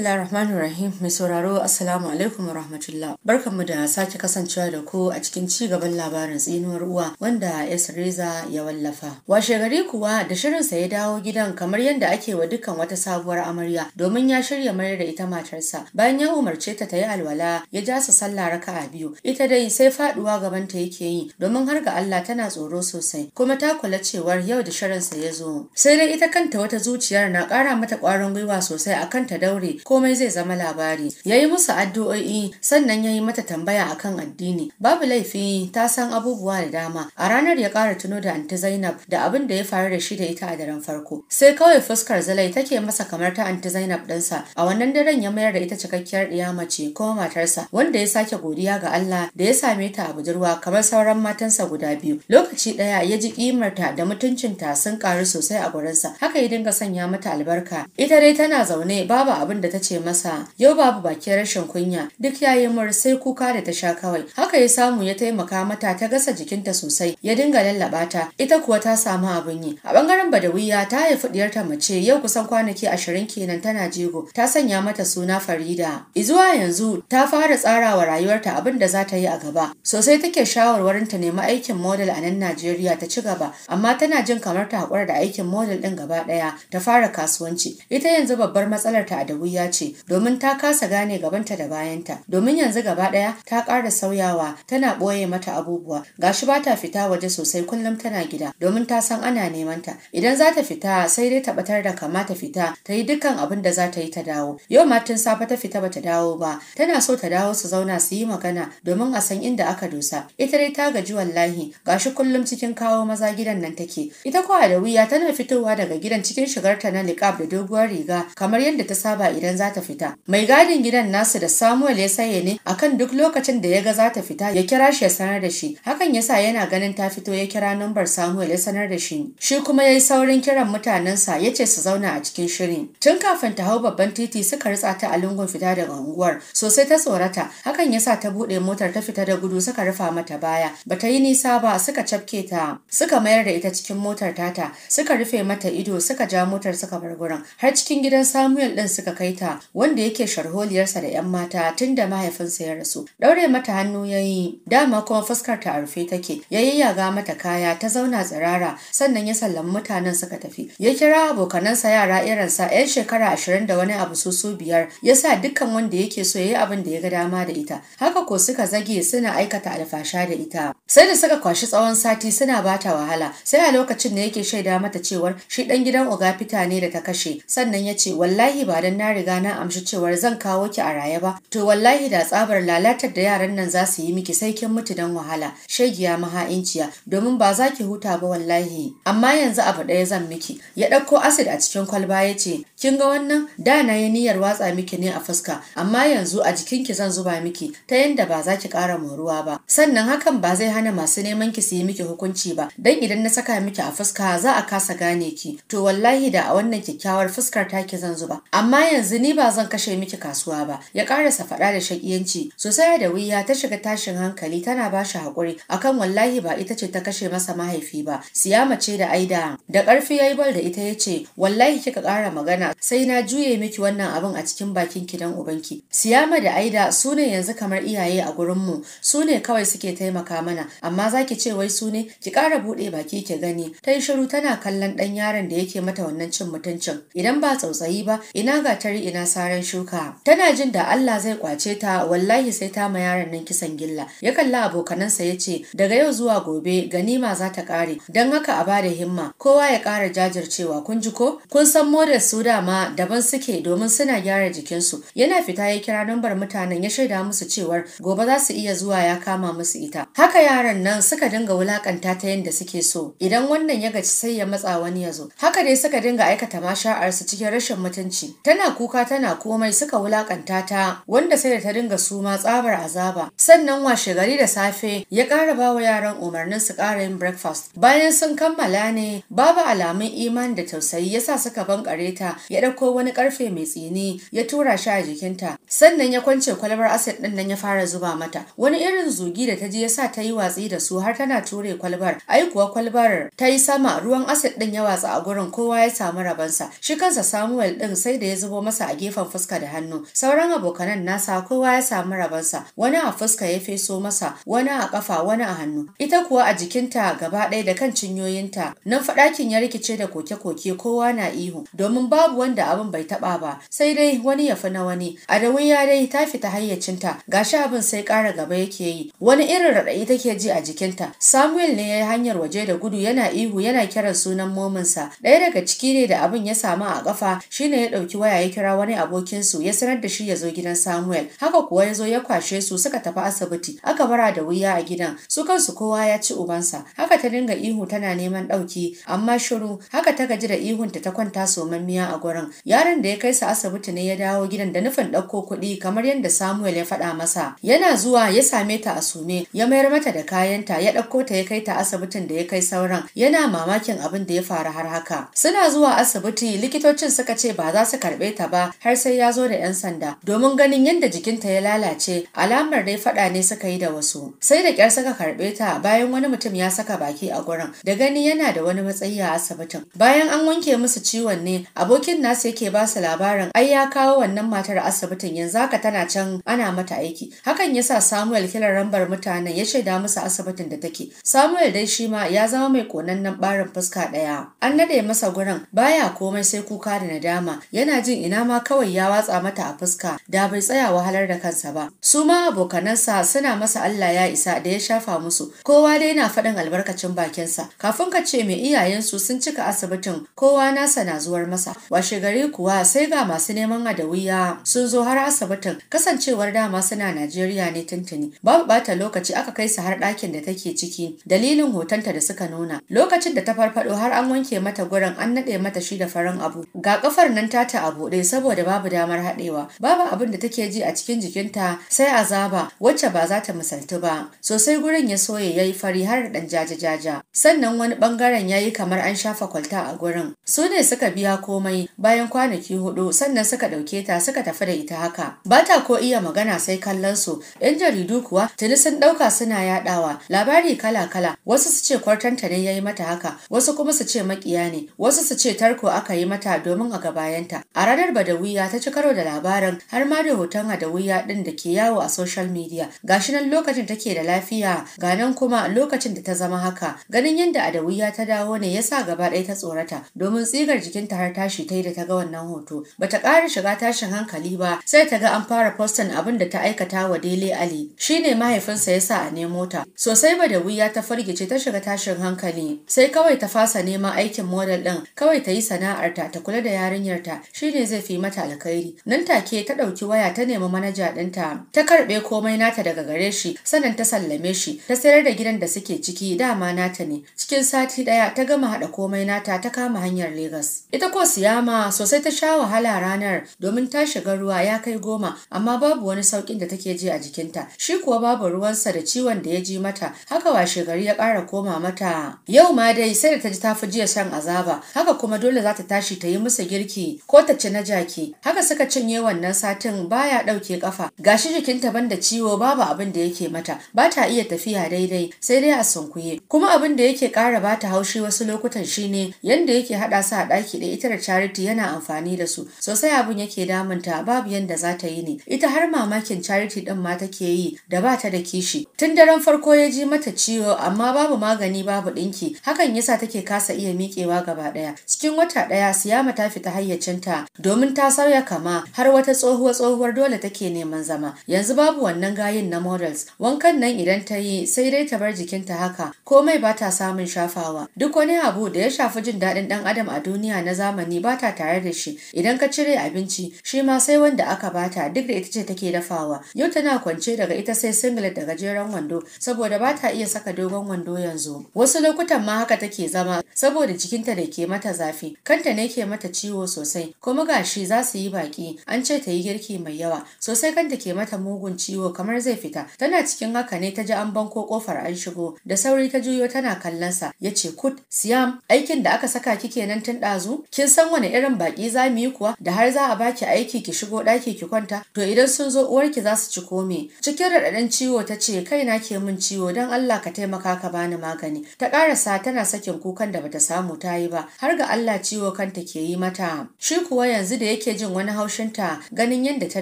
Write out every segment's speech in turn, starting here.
Bismillah Rahman Rahim mai sauraro Assalamu alaikum wa rahmatullah. mu da sake kasancewa da ku a cikin ci gaban labarin tsinuwar uwa wanda Esreza ya wallafa. Washe gari kuwa da shirinsa ya dawo gidan kamar yadda ake wa dukkan wata sabuwar amarya domin ya shirya mayar da ita matarsa. Bayan ya umarce ta ta yi alwala ya ja su sallah raka'a biyu. Ita dai sai faduwa gaban ta yake yi domin har ga Allah tana tsoro sosai kuma ta kula cewar yau da shirinsa ya zo. Sai dai ita kanta wata zuciyar na kara mata kwarin gwiwa sosai akan ta daure komai zai zama labari ya yi musu addu'o'i sannan ya yi mata tambaya akan addini babu laifi ta san abubuwa da dama a ranar ya ƙara tuno da anti zainab da abin da ya faru da shi da ita a daren farko sai kawai fuskar zalai take masa kamar ta anti zainab ɗinsa a wannan daren ya mayar da ita cikakkiyar ɗiya mace kuma matarsa wanda ya sake godiya ga Allah da ya same ta a budurwa kamar sauran matansa guda biyu lokaci ɗaya ya ji ƙimarta da mutuncinta sun ƙaru sosai a gurinsa haka ya dinga sanya mata albarka ita dai tana zaune babu abin da ta ce masa yau babu bakin rashin kunya duk yayi mur sai kuka da ta sha kawai haka ya samu ya taimaka mata ta gasa jikinta sosai ya dinga lallaba ta ita kuwa ta samu abin yi a bangaren badawiya ta haifi ɗiyarta mace yau kusan kwanaki ashirin kenan tana jego ta sanya mata suna farida izuwa yanzu ta fara tsarawa rayuwarta abin da za ta yi a gaba sosai take shawarwarin ta nemi aikin model a nan najeriya ta ci gaba amma tana jin kamar ta haƙura da aikin model ɗin gaba ɗaya ta fara kasuwanci ita yanzu babbar matsalar ta a da wuya ce domin ta kasa gane gabanta da bayanta domin yanzu gaba ɗaya ta ƙara sauyawa tana ɓoye mata abubuwa gashi ba ta fita waje sosai kullum tana gida domin ta san ana neman ta idan za ta fita sai dai ta batar da kama ta fita ta yi dukkan abin da za ta yi ta dawo yau ma tun safe ta fita bata dawo ba tana so ta dawo su zauna su yi magana domin a san inda aka dosa ita dai ta gaji wallahi gashi kullum cikin kawo maza gidan nan take ita kuwa da wuya tana fitowa daga gidan cikin shigarta na liƙab da doguwar riga kamar yadda ta saba idan za ta fita mai gadin gidan nasu da samuel ya saye ne akan duk lokacin da ya ga za ta fita ya kira shi ya sanar da shi hakan yasa yana ganin ta fito ya kira nambar samuel ya sanar da shi shi kuma ya yi saurin kiran mutanensa ya ce su zauna a cikin shirin tun kafin ta hau babban titi suka ritsa ta a lungun fita daga unguwar sosai ta tsorata hakan yasa ta buɗe motar ta fita da gudu suka rufa mata baya bata yi nisa ba suka cafke ta suka mayar da ita cikin motar tata suka rufe mata ido suka ja motar suka bar gurin har cikin gidan samuel ɗin suka kai ta wanda yake sharholiyarsa da 'yan mata tun da mahaifinsa ya rasu. Ɗaure mata hannu ya yi dama kuma fuskar ta a rufe take ya yi yaga mata kaya ta zauna tsirara sannan ya sallami mutanen suka tafi. Ya kira abokanansa yara irinsa 'yan shekara ashirin da wani abu su biyar ya sa dukkan wanda yake so ya yi abin da ya ga dama da ita. Haka ko suka zage suna aikata alfasha da ita. Sai da suka kwashi tsawon sati suna bata wahala sai a lokacin da yake shaida mata cewar shi ɗan gidan fita ne da ta kashe sannan ya ce wallahi ba dan na riga na amshi cewar zan kawo ki a raye ba to wallahi da tsabar lalatar da yaran nan za su yi miki sai kin mutu dan wahala shegiya maha'inciya domin ba za ki huta ba wallahi amma yanzu abu ɗaya zan miki ya ɗauko acid a cikin kwalba ya ce kin ga wannan da na yi niyyar watsa miki ne a fuska amma yanzu a jikinki zan zuba miki ta yanda ba za ki ƙara moruwa ba sannan hakan ba zai hana masu neman ki su yi miki hukunci ba dan idan na saka miki a fuska za a kasa gane ki to wallahi da a wannan kyakkyawar fuskar ta ki zan zuba amma yanzu ni ni ba zan kashe miki kasuwa ba ya karasa faɗa da shakiyanci sosai da wuya ta shiga tashin hankali tana ba shi haƙuri akan wallahi ba ita ce ta kashe masa mahaifi ba siyama ce da aida da ƙarfi ya yi bal da ita ya ce wallahi kika ƙara magana sai na juye miki wannan abin a cikin bakin ki dan ubanki siyama da aida su ne yanzu kamar iyaye a gurinmu su ne kawai suke taimaka mana amma za ki ce wai su ne ki ƙara buɗe baki ki gani ta shiru tana kallon ɗan yaron da yake mata wannan cin mutuncin idan ba tsautsayi ba ina ga tari ina saran shuka tana jin da Allah zai kwace ta wallahi sai ta ma yaron nan kisan gilla ya kalla abokanansa ya ce daga yau zuwa gobe ganima za ta kare don haka a bada himma kowa ya kara jajircewa kun ji ko kun san modar su dama daban suke domin suna gyara jikinsu yana fita ya kira lambar mutanen ya shaida musu cewar gobe za su iya zuwa ya kama musu ita haka yaran nan suka dinga wulakanta ta yadda suke so idan wannan ya gaci sai ya matsa wani ya zo haka dai suka dinga aikata masha'arsu cikin rashin mutunci tana kuka kuka tana komai suka wulakanta ta wanda sai da ta dinga suma tsabar azaba sannan washe gari da safe ya kara ba wa yaran umarnin su kara yin breakfast bayan sun kammala ne babu alamun iman da tausayi ya sa suka bankare ta ya ɗauko wani ƙarfe mai tsini ya tura shi a jikinta sannan ya kwance kwalbar acid ɗin nan ya fara zuba mata wani irin zugi da ta ji sa ta yi watsi da su har tana ture kwalbar ai kuwa kwalbar ta yi sama ruwan acid ɗin ya watsa a gurin kowa ya samu rabansa shi kansa Samuel ɗin sai da ya zubo masa a gefen fuska da hannu sauran abokanan nasa kowa ya samu rabansa wani a fuska ya feso masa wani a kafa wani a hannu ita kuwa a jikinta gaba ɗaya da kan cinyoyinta nan faɗakin ya rikice da koke-koke kowa na ihu domin babu wanda abin bai taɓa ba sai dai wani ya fi na wani a da wuya dai ta fita hayyacinta gashi abin sai ƙara gaba yake yi wani irin raɗaɗi take ji a jikinta samuel ne ya yi hanyar waje da gudu yana ihu yana kiran sunan mominsa ɗaya daga ciki ne da abin ya samu a ƙafa shine ya ɗauki waya ya kira wani abokin su ya sanar da shi ya zo gidan Samuel. Haka kuwa ya zo ya kwashe su suka tafi asibiti. Aka bara da wuya a gidan. Su kansu kowa ya ci ubansa. Haka ta dinga ihu tana neman ɗauki amma shiru. Haka ta gaji da ihunta ta kwanta somammiya a gurin. Yaron da ya kai su asibiti ne ya dawo gidan da nufin ɗauko kuɗi kamar yadda Samuel ya faɗa masa. Yana zuwa ya same ta a sume ya mayar mata da kayanta ya ɗauko ta ya kai ta asibitin da ya kai sauran. Yana mamakin abin da ya faru har haka. Suna zuwa asibiti likitocin suka ce ba za su karɓe ta ba har sai ya zo da 'yan sanda domin ganin yadda jikinta ya lalace alamar dai faɗa ne suka yi da wasu sai da kyar suka karɓe ta bayan wani mutum ya saka baki a gurin da gani yana da wani matsayi a asibitin bayan an wanke musu ciwon ne abokin nasu yake ba su labarin ai ya kawo wannan matar asibitin yanzu haka tana can ana mata aiki hakan yasa Samuel kiran rambar mutanen ya shaida musu asibitin da take Samuel dai shi ma ya zama mai konannen barin fuska ɗaya an nade masa gurin baya komai sai kuka da nadama yana jin ina ma kawai ya watsa mata a fuska da bai tsaya wahalar da kansa ba su ma abokanansa suna masa Allah ya isa da ya shafa musu kowa dai na faɗin albarkacin bakinsa kafin ka ce mai iyayensu sun cika asibitin kowa nasa na zuwar masa washe gari kuwa sai ga masu neman adawiya sun zo har asibitin kasancewar dama suna Najeriya ne tuntuni babu bata lokaci aka kai su har ɗakin da take ciki dalilin hotonta da suka nuna lokacin da ta farfado har an wanke mata gurin an naɗe mata shi da farin abu ga kafar nan tata a buɗe saboda saboda babu damar haɗewa babu abin da take ji a cikin jikinta sai azaba wacce ba za ta misaltu ba sosai gurin ya soye ya yi fari har ɗan jaja-jaja sannan wani ɓangaren ya yi kamar an shafa kwalta a gurin su ne suka biya komai bayan kwanaki hudu sannan suka ɗauke ta suka tafi da ita haka ba ta ko iya magana sai kallon su yan jaridu kuwa tuni sun ɗauka suna yaɗawa labari kala-kala wasu su ce kwartanta ne ya yi mata haka wasu kuma su ce makiya ne wasu su ce tarko aka yi mata domin a gabayanta a ranar bada hadawiya ta ci karo da labarin har ma da hoton hadawiya din da ke yawo a social media gashi nan lokacin take da lafiya ga nan kuma lokacin da ta zama haka ganin yadda adawiya ta dawo ne yasa gaba ɗaya ta tsorata domin tsigar jikinta har tashi ta yi da ta ga wannan hoto bata ƙara shiga tashin hankali ba sai ta ga an fara postin abin da ta aikata wa Dele Ali Shi ne mahaifinsa yasa a nemo ta sosai ba da wuya ta firgice ta shiga tashin hankali sai kawai ta fasa neman aikin model ɗin kawai ta yi sana'arta ta kula da yarinyarta shi ne zai fi mata alkhairi nan take ta ɗauki waya ta nemi manaja ɗinta ta karɓe komai nata daga gare shi sannan ta sallame shi ta sayar da gidan da suke ciki dama nata ne cikin sati ɗaya ta gama haɗa komai nata ta kama hanyar Legas ita ko siyama sosai ta sha wahala ranar domin ta shiga ruwa ya kai goma amma babu wani saukin da take ji a jikinta shi kuwa babu ruwansa da ciwon da ya ji mata haka washe gari ya kara koma mata yau ma dai sai da ta ji ta fi jiya shan azaba haka kuma dole za ta tashi ta yi musu girki ko ta ci na jaki ake haka suka cinye wannan satin baya ɗauke kafa gashi jikinta banda ciwo babu abin da yake mata ba ta iya tafiya daidai sai dai a sunkuye kuma abin da yake kara bata haushi wasu lokutan shine yanda yake haɗa su a ɗaki ɗaya ita da charity yana amfani da su sosai abin yake damunta babu yanda za ta yi ne ita har mamakin charity ɗin ma take yi da ba ta da kishi tun daren farko ya ji mata ciwo amma babu magani babu ɗinki hakan yasa take kasa iya miƙewa gaba ɗaya cikin wata ɗaya siyama ta fita hayyacinta domin ta ta sauya kama har wata tsohuwa tsohuwar dole take neman zama yanzu babu wannan gayin na models wankan nan idan ta yi sai dai ta bar jikinta haka komai ba ta samun shafawa duk wani abu da ya shafi jin daɗin ɗan adam a duniya na zamani ba ta tare da shi idan ka cire abinci shi ma sai wanda aka bata duk da ita ce take dafawa yau tana kwance daga ita sai singlet da gajeren wando saboda ba ta iya saka dogon wando yanzu wasu lokutan ma haka take zama saboda jikinta da ke mata zafi kanta ne ke mata ciwo sosai kuma gashi za su yi baki an ce ta yi girki mai yawa sosai kanta ke mata mugun ciwo kamar zai fita tana cikin haka ne ta ji an banko kofar an shigo da sauri ta juyo tana kallon sa ya ce kut siyam aikin da aka saka ki kenan tun ɗazu kin san wani irin baki za mu yi kuwa da har za a baki aiki ki shigo ɗaki ki kwanta to idan sun zo uwarki za su ci kome cikin raɗaɗin ciwo ta ce kaina ke min ciwo don Allah ka taimaka ka bani magani ta ƙarasa tana sakin kukan da bata samu ta yi ba har ga Allah ciwo kanta ke yi mata shi kuwa yanzu da yake yake jin wani haushin ta ganin yadda ta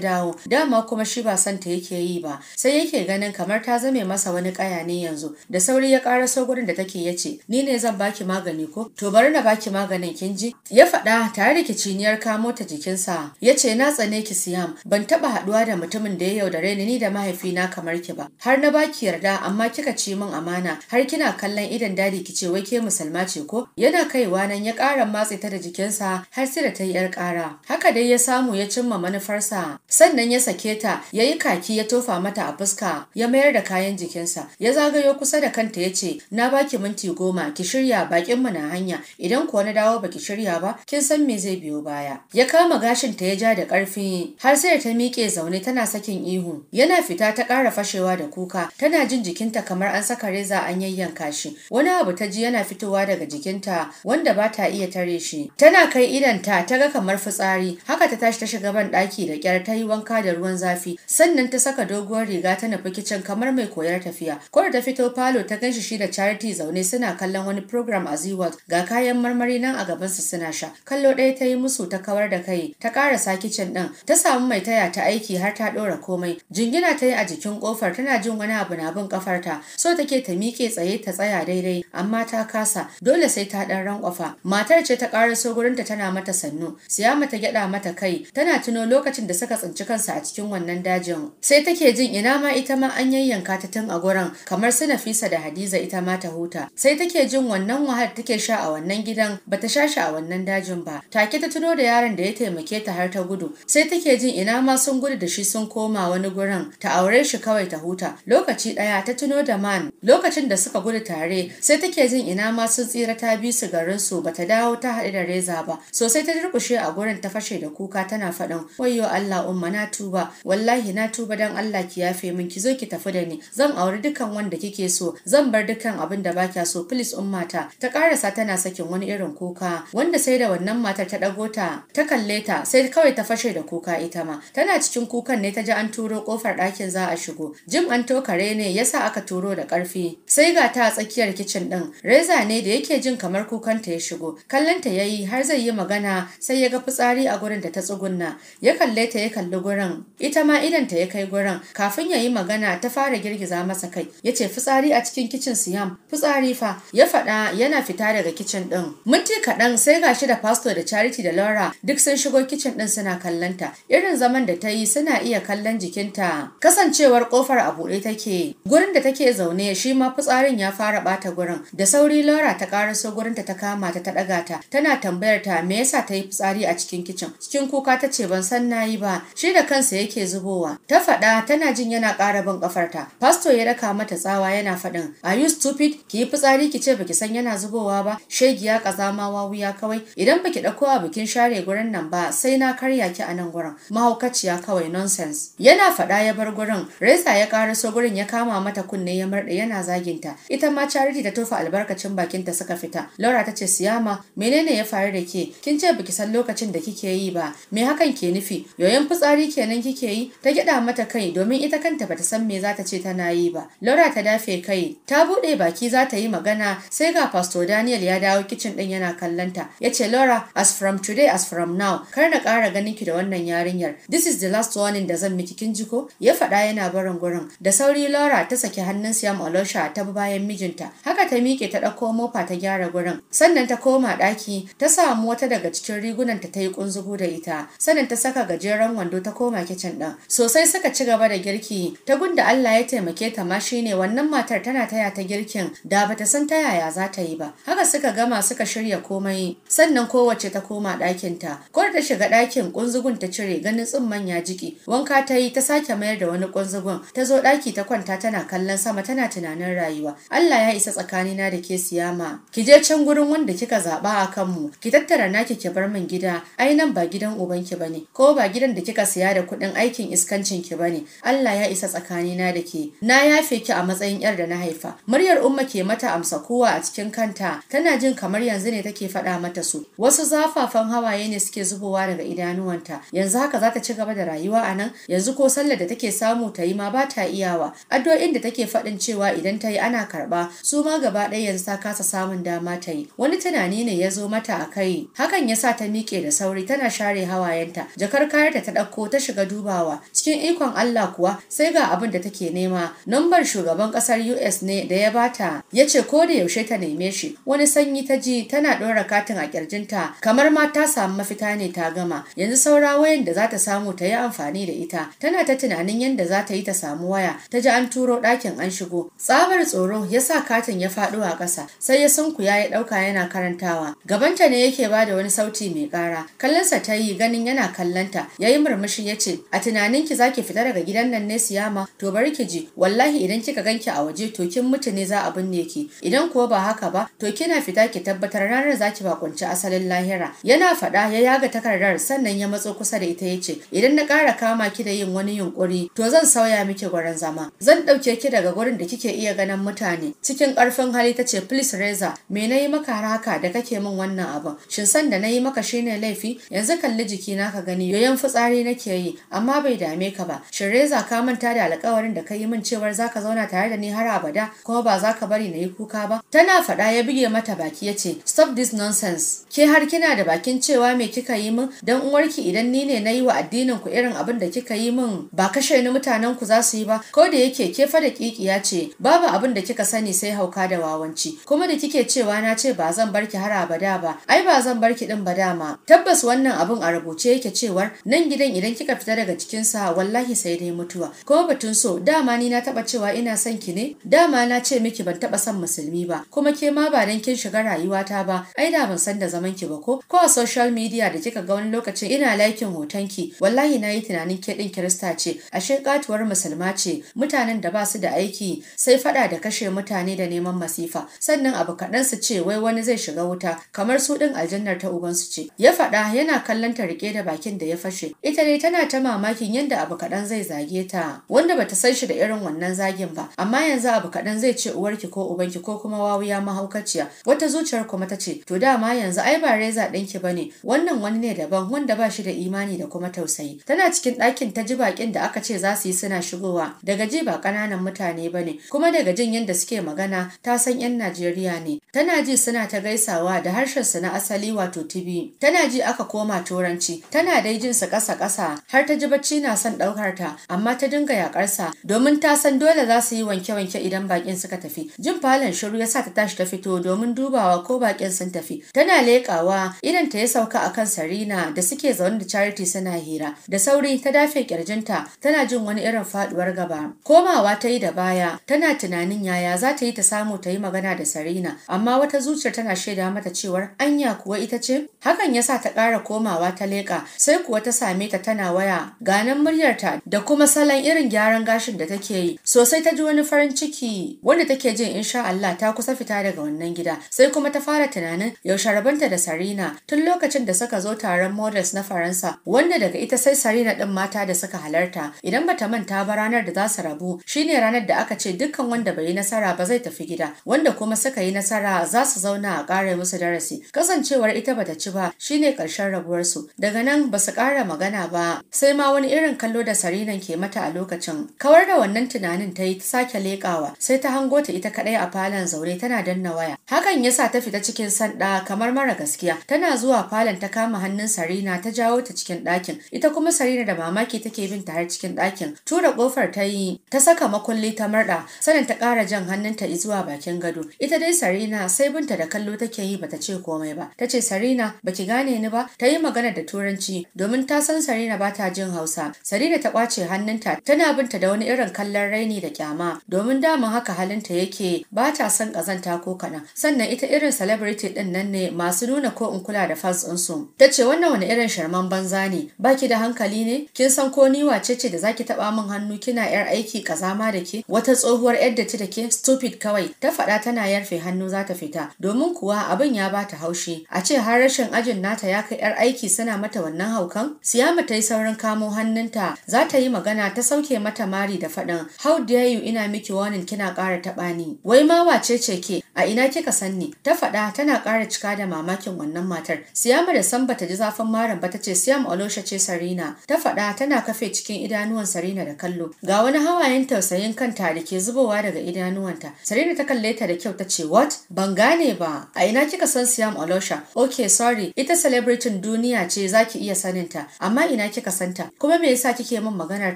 dawo dama kuma shi ba son ta yake yi ba sai yake ganin kamar ta zame masa wani kaya ne yanzu da sauri ya karaso gurin da take ya ce ni ne zan baki magani ko to bari na baki maganin kin ji ya faɗa tare da kiciniyar kamo ta jikinsa ya ce na tsane ki siyam ban taɓa haɗuwa da mutumin da ya yaudare ni ni da mahaifina kamar ki ba har na baki yarda amma kika ci min amana har kina kallon idan dadi ki ce wai ke musulma ce ko yana kaiwa nan ya ƙara matse ta da jikinsa har sai da ta yi 'yar ƙara haka haka dai ya samu ya cimma manufarsa sannan ya sake ta ya yi kaki ya tofa mata a fuska ya mayar da kayan jikinsa ya zagayo kusa da kanta ya ce na baki minti goma ki shirya bakin mu na hanya idan kuwa na dawo baki shirya ba kin san me zai biyo baya ya kama gashin ta ya ja da karfi har sai ta miƙe zaune tana sakin ihu yana fita ta ƙara fashewa da kuka tana jin jikinta kamar an saka reza an yayyanka shi wani abu ta ji yana fitowa daga jikinta wanda ba ta iya tare shi tana kai idanta ta ga kamar fitsari haka ta tashi ta shiga ban daki da kyar ta yi wanka da ruwan zafi sannan ta saka doguwar riga ta nufi kicin kamar mai koyar tafiya ko da ta fito falo ta ganshi shi da charity zaune suna kallon wani program a ziwat ga kayan marmari nan a gaban su suna sha kallo ɗaya ta yi musu ta kawar da kai ta karasa kicin ɗin ta samu mai taya ta aiki har ta ɗora komai jingina ta yi a jikin ƙofar tana jin wani abu na bin ƙafarta so take ta miƙe tsaye ta tsaya daidai amma ta kasa dole sai ta ɗan rankwafa matar ce ta ƙaraso gurinta tana mata sannu siyama ta gyaɗa mata kai tana tuno lokacin da suka tsinci kansu a cikin wannan dajin sai take jin ina ma ita ma an yayyanka ta tun a gurin kamar su Nafisa da Hadiza ita ma ta huta sai take jin wannan wahal take sha a wannan gidan bata sha shi a wannan dajin ba take ta tuno da yaron da ya taimake ta har ta gudu sai take jin ina ma sun gudu da shi sun koma wani gurin ta aure shi kawai ta huta lokaci ɗaya ta tuno da man lokacin da suka gudu tare sai take jin ina ma sun tsira ta bi su garin su bata dawo ta haɗu da reza ba sosai ta durkushe a gurin ta fashe da kuka tana faɗan wayyo Allah umma na tuba wallahi na tuba dan Allah ki yafe min ki zo ki tafi da ni zan auri dukan wanda kike so zan bar dukan abin da baki so please ummata ta karasa tana sakin wani irin kuka wanda sai da wannan matar ta dago ta ta kalle ta sai kawai ta fashe da kuka ita ma tana cikin kukan ne ta ji an turo kofar ɗakin za a shigo jim an tokare ne yasa aka turo da ƙarfi sai ga ta a tsakiyar kicin ɗin reza ne da yake jin kamar kukanta ya shigo kallon ta yayi har zai yi magana sai ya ga fitsari a gurin da ta tsugunna ya kalle ta ya kalli gurin ita ma idan ta ya kai gurin kafin ya yi magana ta fara girgiza masa kai ya ce fitsari a cikin kicin siyam fitsari fa ya faɗa yana fita daga kicin ɗin minti kaɗan sai gashi da pastor da charity da laura duk sun shigo kicin ɗin suna kallonta irin zaman da ta yi suna iya kallon jikinta kasancewar kofar a buɗe take gurin da take zaune shi ma fitsarin ya fara ɓata gurin da sauri laura ta ƙaraso gurinta ta kama ta ta ɗaga ta tana tambayar ta me yasa ta yi fitsari a cikin kicin tashin cikin kuka ta ce ban san nayi ba shi da kansa yake zubowa ta faɗa tana jin yana ƙara bin ƙafarta pastor ya raka mata tsawa yana faɗin are you stupid ki yi fitsari ki ce baki san yana zubowa ba shegiya kazama wuya kawai idan baki ɗauko a bikin share gurin nan ba sai na karya ki a nan gurin mahaukaciya kawai nonsense yana faɗa ya bar gurin reza ya so gurin ya kama mata kunne ya murɗe yana zaginta ita ma charity ta tofa albarkacin bakinta suka fita laura ta ce siyama menene ya faru da ke kin ce baki san lokacin da kike yi yi ba me hakan ke nufi yoyon fitsari kenan kike yi ta gyada mata kai domin ita kanta bata san me zata ce tana yi ba Laura ta dafe kai ta bude baki zata yi magana sai ga Pastor Daniel ya dawo kitchen din yana kallanta yace Laura as from today as from now kar na kara ganin ki da wannan yarinyar this is the last warning da zan miki kin jiko ya fada yana barin gurin da sauri Laura ta saki hannun Siam Olosha ta bi bayan mijinta haka ta mike ta ɗauko mofa ta gyara gurin sannan ta koma daki ta samu wata daga cikin rigunanta ta yi kunzugu taho da ita sanin ta saka gajeren wando ta koma kicin ɗin sosai suka ci gaba da girki ta gunda Allah ya taimake ta ma shine wannan matar tana taya ta girkin da bata san ta yaya za ta yi ba haka suka gama suka shirya komai sannan kowace ta koma ɗakin ta kwar ta shiga ɗakin kunzugun ta cire ganin tsumman ya jiki wanka ta yi ta sake mayar da wani kunzugun ta zo ɗaki ta kwanta tana kallon sama tana tunanin rayuwa Allah ya isa tsakanina da ke siyama ki je can gurin wanda kika zaɓa a kanmu ki tattara naki ki bar min gida ai nan ba gidan ubanki ne. ko ba gidan da kika siya da kuɗin aikin iskancin ki ba ne. Allah ya isa tsakanina da ke na yafe ki a matsayin yar da na haifa muryar umma ke mata amsa kowa a cikin kanta tana jin kamar yanzu ne take faɗa mata su wasu zafafan hawaye ne suke zubowa daga idanuwanta yanzu haka za ta ci gaba da rayuwa a nan yanzu ko sallar da take samu ta yi ma ba ta iyawa addu'o'in da take faɗin cewa idan ta yi ana karɓa su ma gaba ɗaya yanzu ta kasa samun dama ta yi wani tunani ne ya zo mata a kai hakan ya sa ta miƙe da sauri tana fara share hawayenta jakar kayar ta ɗauko ta shiga dubawa cikin ikon Allah kuwa sai ga abin da take nema nambar shugaban ƙasar US ne da ya bata ya ce ko da yaushe ta neme shi wani sanyi ta ji tana ɗora katin a ƙirjinta kamar ma ta samu mafita ne ta gama yanzu saura wayan da za ta samu ta yi amfani da ita tana ta tunanin yadda za ta yi ta samu waya ta ji an turo ɗakin an shigo tsabar tsoro ya sa katin ya faɗo a ƙasa sai ya sunkuya ya ɗauka yana karantawa gabanta ne yake ba da wani sauti mai ƙara sa kasa ta yi ganin yana kallanta ya yi murmushi ya ce a tunanin ki zaki fita daga gidan nan ne siyama to bari ki ji wallahi idan kika ganki a waje to kin mutu ne za a binne ki idan kuwa ba haka ba to kina fita ki tabbatar ranar zaki bakunci asalin lahira yana faɗa ya yaga takardar sannan ya matso kusa da ita ya ce idan na kara kama ki da yin wani yunƙuri to zan sauya miki gurin zama zan ɗauke ki daga gurin da kike iya ganin mutane cikin karfin hali ta ce please reza me na yi maka haka da kake min wannan abin shin san da na yi maka shine laifi yanzu yanzu kalli jiki na ka gani yoyon fitsari nake yi amma bai dame ka ba shireza ka manta da alkawarin da ka yi min cewar zaka zauna tare da ni har abada kuma ba za ka bari na yi kuka ba tana faɗa ya buge mata baki ya ce stop this nonsense ke har kina da bakin cewa me kika yi min dan uwarki idan ni ne na yi wa addinin ku irin abin da kika yi min ba kashe ni mutanen ku za su yi ba ko da yake ke fa da kikiya ce babu abin da kika sani sai hauka da wawanci kuma da kike cewa na ce ba zan barki har abada ba ai ba zan barki din ba dama tabbas wannan wannan abun a rubuce yake cewar nan gidan idan kika fita daga cikin sa wallahi sai dai mutuwa kuma batun so dama ni na taba cewa ina son ki ne dama na ce miki ban taba son musulmi ba kuma ke ma ba dan kin shiga rayuwata ba ai da ban san da zaman ki ba ko ko a social media da kika ga wani lokacin ina laikin hoton ki wallahi na yi tunanin ke din kirista ce ashe katuwar musulma ce mutanen da ba su da aiki sai fada da kashe mutane da neman masifa sannan abu kaɗan su ce wai wani zai shiga wuta kamar su ɗin aljannar ta ubansu ce ya faɗa yana kallon ta rike da bakin da ya fashe ita dai tana ta mamakin yadda abu kaɗan zai zage ta wanda bata san shi da irin wannan zagin ba amma yanzu abu kaɗan zai ce uwarki ko ubanki ko kuma wawuya mahaukaciya wata zuciyar kuma ta ce to dama yanzu ai ba reza ɗinki bane wannan wani ne daban wanda ba shi da imani da kuma tausayi tana cikin ɗakin ta ji bakin da aka ce za su yi suna shigowa daga ji ba ƙananan mutane bane kuma daga jin yadda suke magana ta san 'yan Najeriya ne tana ji suna ta gaisawa da harshen su na asali wato tibi tana ji aka koma koma turanci tana dai jin sa ƙasa ƙasa har ta ji bacci na son ɗaukar ta amma ta dinga yakarsa domin ta san dole za su yi wanke-wanke idan bakin suka tafi jin falon shiru ya sa ta tashi ta fito domin dubawa ko baƙin sun tafi tana leƙawa idan ta ya sauka akan sarina da suke zaune da charity suna hira da sauri ta dafe kirjinta tana jin wani irin faɗuwar gaba komawa ta yi da baya tana tunanin yaya za ta yi ta samu ta yi magana da sarina amma wata zuciyar tana shaida mata cewar anya kuwa ita ce hakan ya sa ta ƙara ko komawa ta leƙa sai kuwa ta same ta tana waya ganin muryarta da kuma salon irin gyaran gashin da take yi sosai ta ji wani farin ciki wanda take jin insha Allah ta kusa fita daga wannan gida sai kuma ta fara tunanin yaushe rabanta da Sarina tun lokacin da suka zo taron models na Faransa wanda daga ita sai Sarina din mata da suka halarta idan bata manta ba ranar da za su rabu shine ranar da aka ce dukkan wanda bai yi nasara ba zai tafi gida wanda kuma suka yi nasara za su zauna a ƙara musu darasi kasancewar ita bata ci ba shine ƙarshen rabu haɗuwarsu daga nan ba su ƙara magana ba sai ma wani irin kallo da sarinan ke mata a lokacin kawar da wannan tunanin ta yi ta sake leƙawa sai ta hango ta ita kaɗai a falon zaune tana danna waya hakan ya sa ta fita cikin sanda kamar mara gaskiya tana zuwa falon ta kama hannun sarina ta jawo ta cikin ɗakin ita kuma sarina da mamaki take bin ta har cikin ɗakin tura ƙofar ta yi ta saka makulli ta murɗa sanin ta ƙara jan hannun hannunta zuwa bakin gado ita dai sarina sai binta da kallo take yi bata ce komai ba tace sarina baki gane ni ba ta yi yi magana da turanci domin ta san Sarina ba ta jin Hausa. Sarina ta kwace hannunta tana binta da wani irin kallon raini da kyama domin daman haka halinta yake ba ta son kazanta ko kaɗan. Sannan ita irin celebrity ɗin nan ne masu nuna ko in kula da fans ɗinsu. Ta ce wannan wani irin sharman banza ne ba ki da hankali ne kin san ko ni wace ce da zaki taba min hannu kina yar aiki kazama da ke wata tsohuwar yar da da ke stupid kawai ta faɗa tana yarfe hannu za ta fita domin kuwa abin ya ba ta haushi a ce har rashin ajin nata ya kai yar aiki suna mata wannan haukan siyama ta yi saurin kamo hannunta za ta yi magana ta sauke mata mari da faɗin how dare you ina miki warning kina ƙara taɓa ni wai ma wace ce ke a ina kika san ni ta faɗa tana ƙara cika da mamakin wannan matar siyama da san bata ji zafin marin ba ta ce siyam olosha ce sarina ta faɗa tana kafe cikin idanuwan sarina da kallo ga wani hawayen tausayin kanta da ke zubowa daga idanuwanta sarina ta kalle ta da kyau ta ce what ban gane ba a ina kika san siyam olosha okay sorry ita celebrating duniya duniya ce za ki iya saninta amma ina kika santa kuma me yasa kike min maganar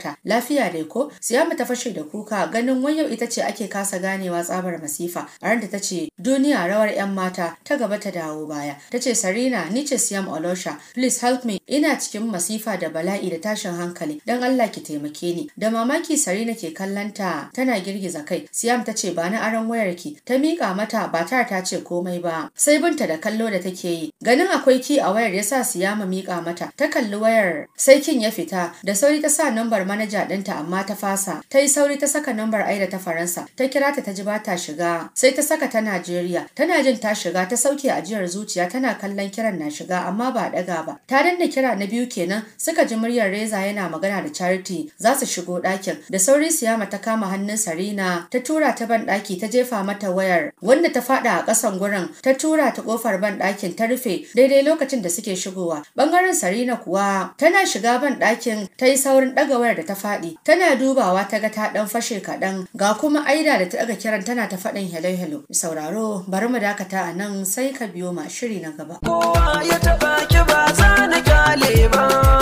ta lafiya dai ko siyama ta fashe da kuka ganin yau ita ce ake kasa ganewa tsabar masifa a da ta ce duniya rawar yan mata ta gaba ta dawo baya ta ce sarina ni ce siyam olosha please help me ina cikin masifa da bala'i da tashin hankali dan Allah ki taimake ni da mamaki sarina ke kallanta tana girgiza kai siyam ta ce ba na aron wayarki ta miƙa mata ba ta ce komai ba sai binta da kallo da take yi ganin akwai ki a wayar yasa sa ma miƙa mata ta kalli wayar sai kin ya fita da sauri ta sa nambar manaja ɗinta amma ta fasa ta yi sauri ta saka nambar aida ta faransa ta kira ta ta ji ba ta shiga sai ta saka ta najeriya tana jin ta shiga ta sauke ajiyar zuciya tana kallon kiran na shiga amma ba ɗaga ba ta danna kira na biyu kenan suka ji muryar reza yana magana da charity za su shigo ɗakin da sauri siyama ta kama hannun sarina ta tura ta ban ɗaki ta jefa mata wayar wanda ta faɗa a ƙasan gurin ta tura ta ƙofar ban ɗakin ta rufe daidai lokacin da suke shigo shigowa bangaren sarina kuwa tana shiga ban ɗakin ta yi saurin ɗaga wayar da ta faɗi tana dubawa ta ga ta ɗan fashe kaɗan ga kuma aida da ta ɗaga kiran tana ta faɗin hello hello sauraro bari mu dakata a nan sai ka biyo ma shiri na gaba kowa ya taɓa ki ba za ni ba